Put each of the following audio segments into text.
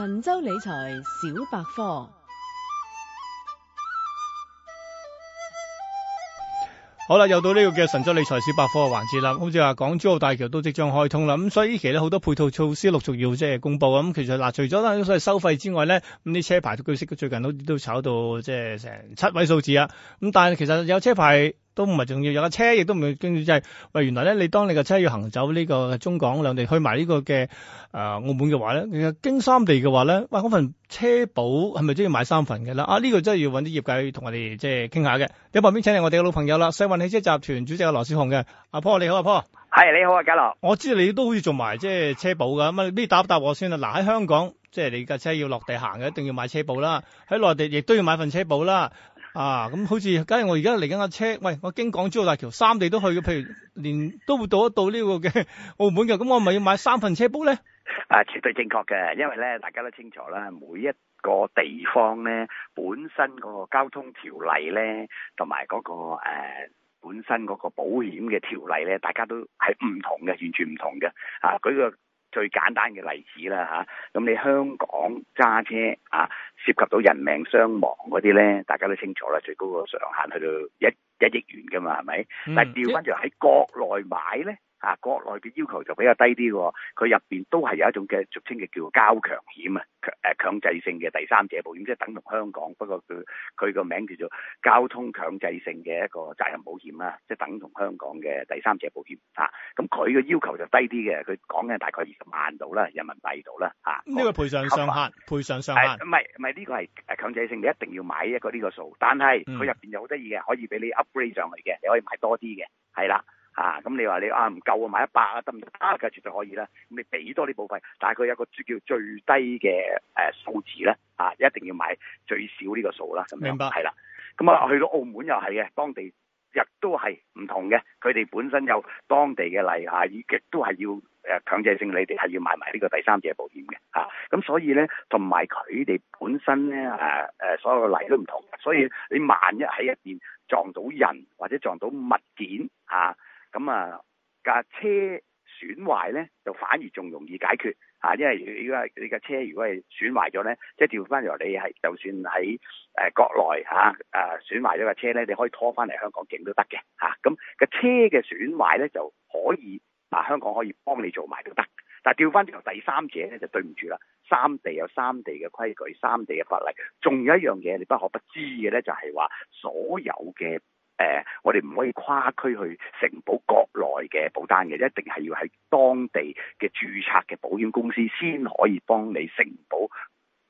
神州理財小百科，好啦，又到呢個嘅神州理財小百科嘅環節啦。好似話港珠澳大橋都即將開通啦，咁、嗯、所以呢期咧好多配套措施陸續要即係公布啊。咁、嗯、其實嗱，除咗咧所謂收費之外咧，咁啲車牌據悉最近好似都炒到即係成七位數字啊。咁但係其實有車牌。都唔係，重要有架車，亦都唔係。跟住即係，喂，原來咧，你當你架車要行走呢個中港兩地，去埋呢個嘅誒、呃、澳門嘅話咧，經三地嘅話咧，喂，嗰份車保係咪都要買三份嘅啦？啊，呢、這個真係要揾啲業界同我哋即係傾下嘅。喺旁邊請嚟我哋嘅老朋友啦，世運汽車集團主席阿、啊、羅小紅嘅，阿婆你好，阿婆係你好啊，家樂。我知道你都好似做埋即係車保嘅，咁啊，你打唔打我先啦？嗱，喺香港即係你架車要落地行嘅，一定要買車保啦。喺內地亦都要買份車保啦。啊，咁好似，假如我而家嚟緊架車，喂，我經港珠澳大橋，三地都去嘅，譬如連都會到得到呢個嘅澳門嘅，咁我咪要買三份車保咧？啊，絕對正確嘅，因為咧，大家都清楚啦，每一個地方咧，本身嗰個交通條例咧，同埋嗰個誒、呃，本身嗰個保險嘅條例咧，大家都係唔同嘅，完全唔同嘅。啊，舉個最簡單嘅例子啦，吓、啊，咁你香港揸車啊。涉及到人命傷亡嗰啲咧，大家都清楚啦，最高個上限去到一一億元㗎嘛，係咪，嗯？但係調翻轉喺國內買咧。啊，國內嘅要求就比較低啲喎，佢入面都係有一種嘅俗稱嘅叫交強險啊，強誒強制性嘅第三者保險，即係等同香港，不過佢佢個名叫做交通強制性嘅一個責任保險啦，即係等同香港嘅第三者保險。嚇，咁佢嘅要求就低啲嘅，佢講緊大概二十萬度啦，人民幣度啦嚇呢個賠償上,上限，賠償、啊、上,上限，唔係唔係呢個係誒強制性，你一定要買一個呢個數，但係佢入面有好得意嘅，可以俾你 upgrade 上去嘅，你可以買多啲嘅，係啦。啊！咁你話你啊唔夠啊，買一百啊得唔得啊？梗絕對可以啦。咁你俾多啲保費，但係佢有個叫最低嘅誒數字咧，啊一定要買最少呢個數啦。樣明白係啦。咁啊，去到澳門又係嘅，當地亦都係唔同嘅。佢哋本身有當地嘅例吓，亦、啊、都係要誒強、呃、制性你哋係要買埋呢個第三者保險嘅吓。咁、啊、所以咧，同埋佢哋本身咧誒誒所有嘅例都唔同，所以你萬一喺入邊撞到人或者撞到物件。咁啊架車損壞咧，就反而仲容易解決嚇，因為如果你架車如果係損壞咗咧，即係調翻由你係就算喺誒國內嚇，誒損壞咗架車咧，你可以拖翻嚟香港警都得嘅嚇。咁個車嘅損壞咧就可以，嗱香港可以幫你做埋都得。但係調翻轉由第三者咧就對唔住啦，三地有三地嘅規矩、三地嘅法例。仲有一樣嘢你不可不知嘅咧，就係話所有嘅。呃，我哋唔可以跨區去承保國內嘅保單嘅，一定係要喺當地嘅註冊嘅保險公司先可以幫你承保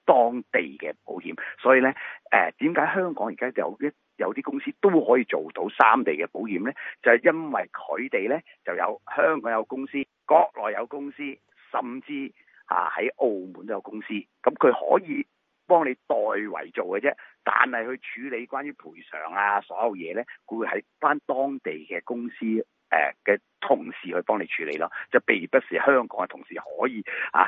當地嘅保險。所以呢，誒點解香港而家有啲有啲公司都可以做到三地嘅保險呢？就係、是、因為佢哋呢就有香港有公司，國內有公司，甚至乎喺、啊、澳門都有公司，咁佢可以。幫你代為做嘅啫，但係去處理關於賠償啊所有嘢咧，佢會喺翻當地嘅公司。誒嘅同事去幫你處理咯，就並不是香港嘅同事可以啊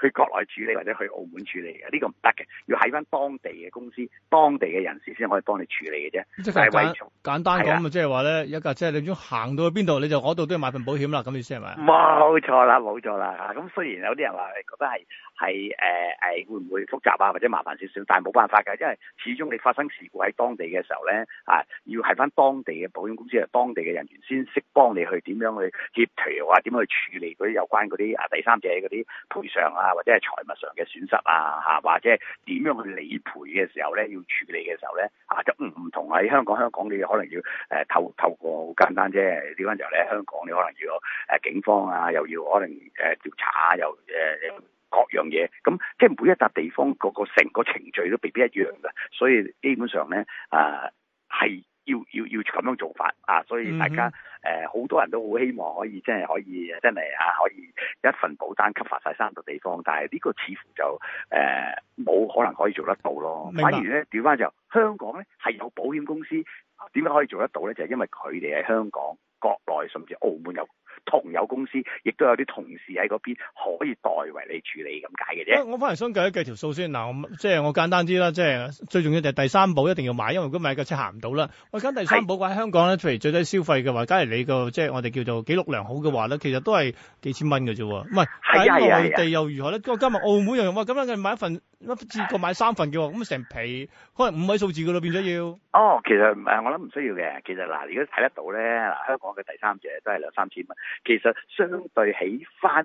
去國內處理或者去澳門處理嘅，呢個唔得嘅，要喺返當地嘅公司、當地嘅人士先可以幫你處理嘅啫。即係簡，風簡單講咁啊，即係話咧，一架車你要行到去邊度，你就嗰度都要買份保險啦。咁意思係咪？冇錯啦，冇錯啦嚇。咁雖然有啲人話覺得係係誒誒會唔會複雜啊，或者麻煩少少，但係冇辦法㗎，因為始終你發生事故喺當地嘅時候咧，啊要喺返當地嘅保險公司同當地嘅人員先識幫。幫你去點樣去協調啊？點樣去處理嗰啲有關嗰啲啊第三者嗰啲賠償啊，或者係財物上嘅損失啊，嚇或者係點樣去理賠嘅時候咧，要處理嘅時候咧，嚇就唔同喺香港。香港你可能要誒、啊、透透過好簡單啫。點樣就咧喺香港，你可能要誒警方啊，又要可能誒調查啊，又誒各樣嘢。咁即係每一笪地方嗰個成個程序都未必，必一樣嘅，所以基本上咧啊係。是要要要咁樣做法啊！所以大家誒好、嗯哼呃、多人都好希望可以真係可以真係啊可以一份保單 cover 晒三個地方，但係呢個似乎就誒冇、呃、可能可以做得到咯。白反而咧，轉翻就是、香港咧係有保險公司點樣可以做得到咧，就係、是、因為佢哋喺香港國內甚至澳門有。同有公司，亦都有啲同事喺嗰邊可以代為你處理咁解嘅啫。我反而想計一計條數先，嗱，我即係我簡單啲啦，即係最重要就係第三保一定要買，因為如果買架車行唔到啦。喂，咁第三保，我喺香港咧，譬如是最低消費嘅話，假如你個即係我哋叫做記錄良好嘅話咧，其實都係幾千蚊嘅啫。唔係喺內地又如何咧？今日澳門又話咁樣嘅買一份，一至過買三份嘅喎，咁成皮可能五位數字嘅咯變咗要。哦，其實誒，我諗唔需要嘅。其實嗱，如果睇得到咧，嗱，香港嘅第三者都係兩三千蚊。其實相對起翻誒、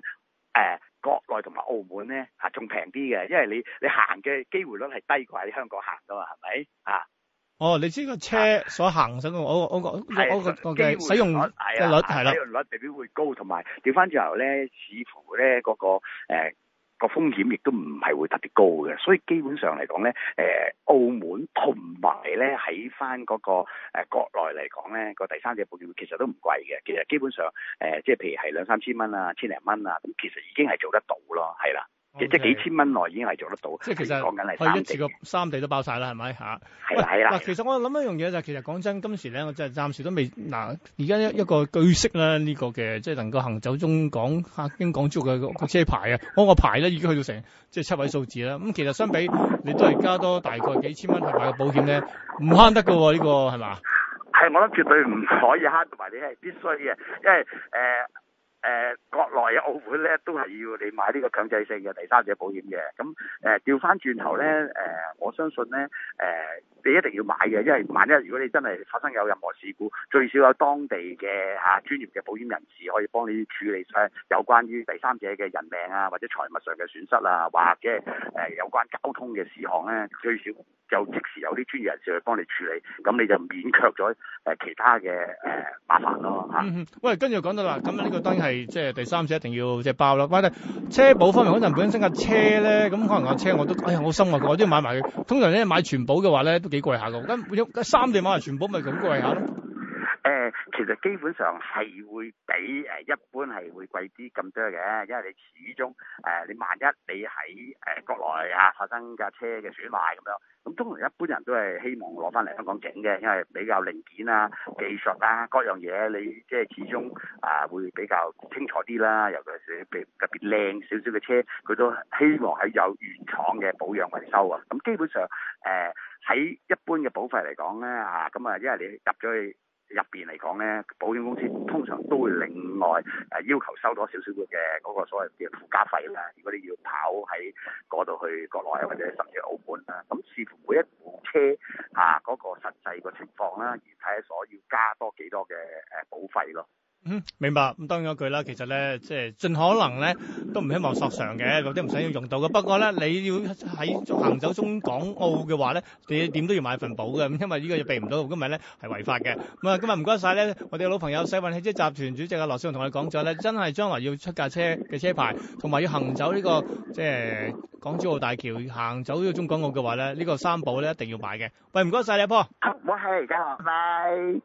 呃、國內同埋澳門咧，仲平啲嘅，因為你你行嘅機會率係低過喺香港行噶嘛，係咪啊？哦，你知個車所行上個嗰個嗰個嗰使用率係啦，使用率特別會高，同埋調翻轉頭咧，似乎咧嗰個、呃個風險亦都唔係會特別高嘅，所以基本上嚟講呢，誒澳門同埋呢喺翻嗰個誒國內嚟講呢，個第三者保險其實都唔貴嘅，其實基本上誒即係譬如係兩三千蚊啊，千零蚊啊，咁其實已經係做得到咯，係啦。Okay, 即係幾千蚊內已經係做得到，即係其實講緊一次過，三地都爆晒啦，係咪吓？係啦喂，嗱、就是，其實我諗一樣嘢，就係，其實講真，今時咧，我真係暫時都未嗱。而家一一個據悉啦，呢、這個嘅即係能夠行走中港、客經港珠嘅個車牌啊，我、那個牌咧已經去到成即係七位數字啦。咁其實相比你都係加多大概幾千蚊去買個保險咧，唔慳得噶，呢個係嘛？係，我覺得絕對唔可以慳，同埋，你係必須嘅，因為誒。呃誒、呃、國內嘅澳門咧，都係要你買呢個強制性嘅第三者保險嘅。咁誒，調翻轉頭咧，誒、呃，我相信咧，誒、呃。你一定要買嘅，因為萬一如果你真係發生有任何事故，最少有當地嘅嚇、啊、專業嘅保險人士可以幫你處理晒、啊、有關於第三者嘅人命啊，或者財物上嘅損失啊，或者誒、啊、有關交通嘅事項咧、啊，最少就即時有啲專業人士去幫你處理，咁你就免卻咗誒其他嘅誒麻煩咯嚇、啊嗯。喂，跟住講到啦，咁呢個當然係即係第三者一定要即係包啦。喂，車保方面，可能本身架車咧，咁可能架車我都，好、哎、呀，我心話我都要買埋。通常咧買全保嘅話咧。幾貴下噶，而家三地碼全部咪咁貴下咯。其實基本上係會比誒一般係會貴啲咁多嘅，因為你始終誒、呃、你萬一你喺誒、呃、國內啊發生架車嘅損壞咁樣，咁通常一般人都係希望攞翻返嚟香港整嘅，因為比較零件啊、技術啊各樣嘢，你即係始終啊會比較清楚啲啦。尤其是比特別靚少少嘅車，佢都希望係有原廠嘅保養維修啊。咁基本上誒喺、呃、一般嘅保費嚟講咧嚇，咁啊因為你入咗去。入邊嚟講咧，保險公司通常都會另外誒要求收多少少嘅嗰個所謂嘅附加費啦。如果你要跑喺嗰度去國內啊，或者甚至澳門啦，咁視乎每一部車嚇嗰、啊嗰個實際個情況啦，而睇下所要加多幾多嘅誒保費咯。嗯，明白。咁當然一句啦，其實咧，即係盡可能咧，都唔希望索償嘅。或者唔想要用到嘅。不過咧，你要喺行走中港澳嘅話咧，你點都要買份保嘅。咁因為呢個要避唔到，今日咧係違法嘅。咁啊，今日唔該晒咧，我哋老朋友世運汽車集團主席啊羅少雄同你講咗咧，真係將來要出架車嘅車牌，同埋要行走呢個即係港珠澳大橋行走呢個中港澳嘅話咧，呢個三保咧一定要買嘅。喂，唔該晒你阿婆。好、啊，唔好氣拜。